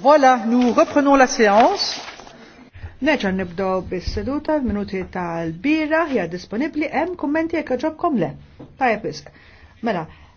Voilà, nous reprenons la séance. Neġa nibdow bis-seduta, minuti tal-bira, hija disponibli, hemm kummenti jekk ġobkom le. Tajjeb Mela,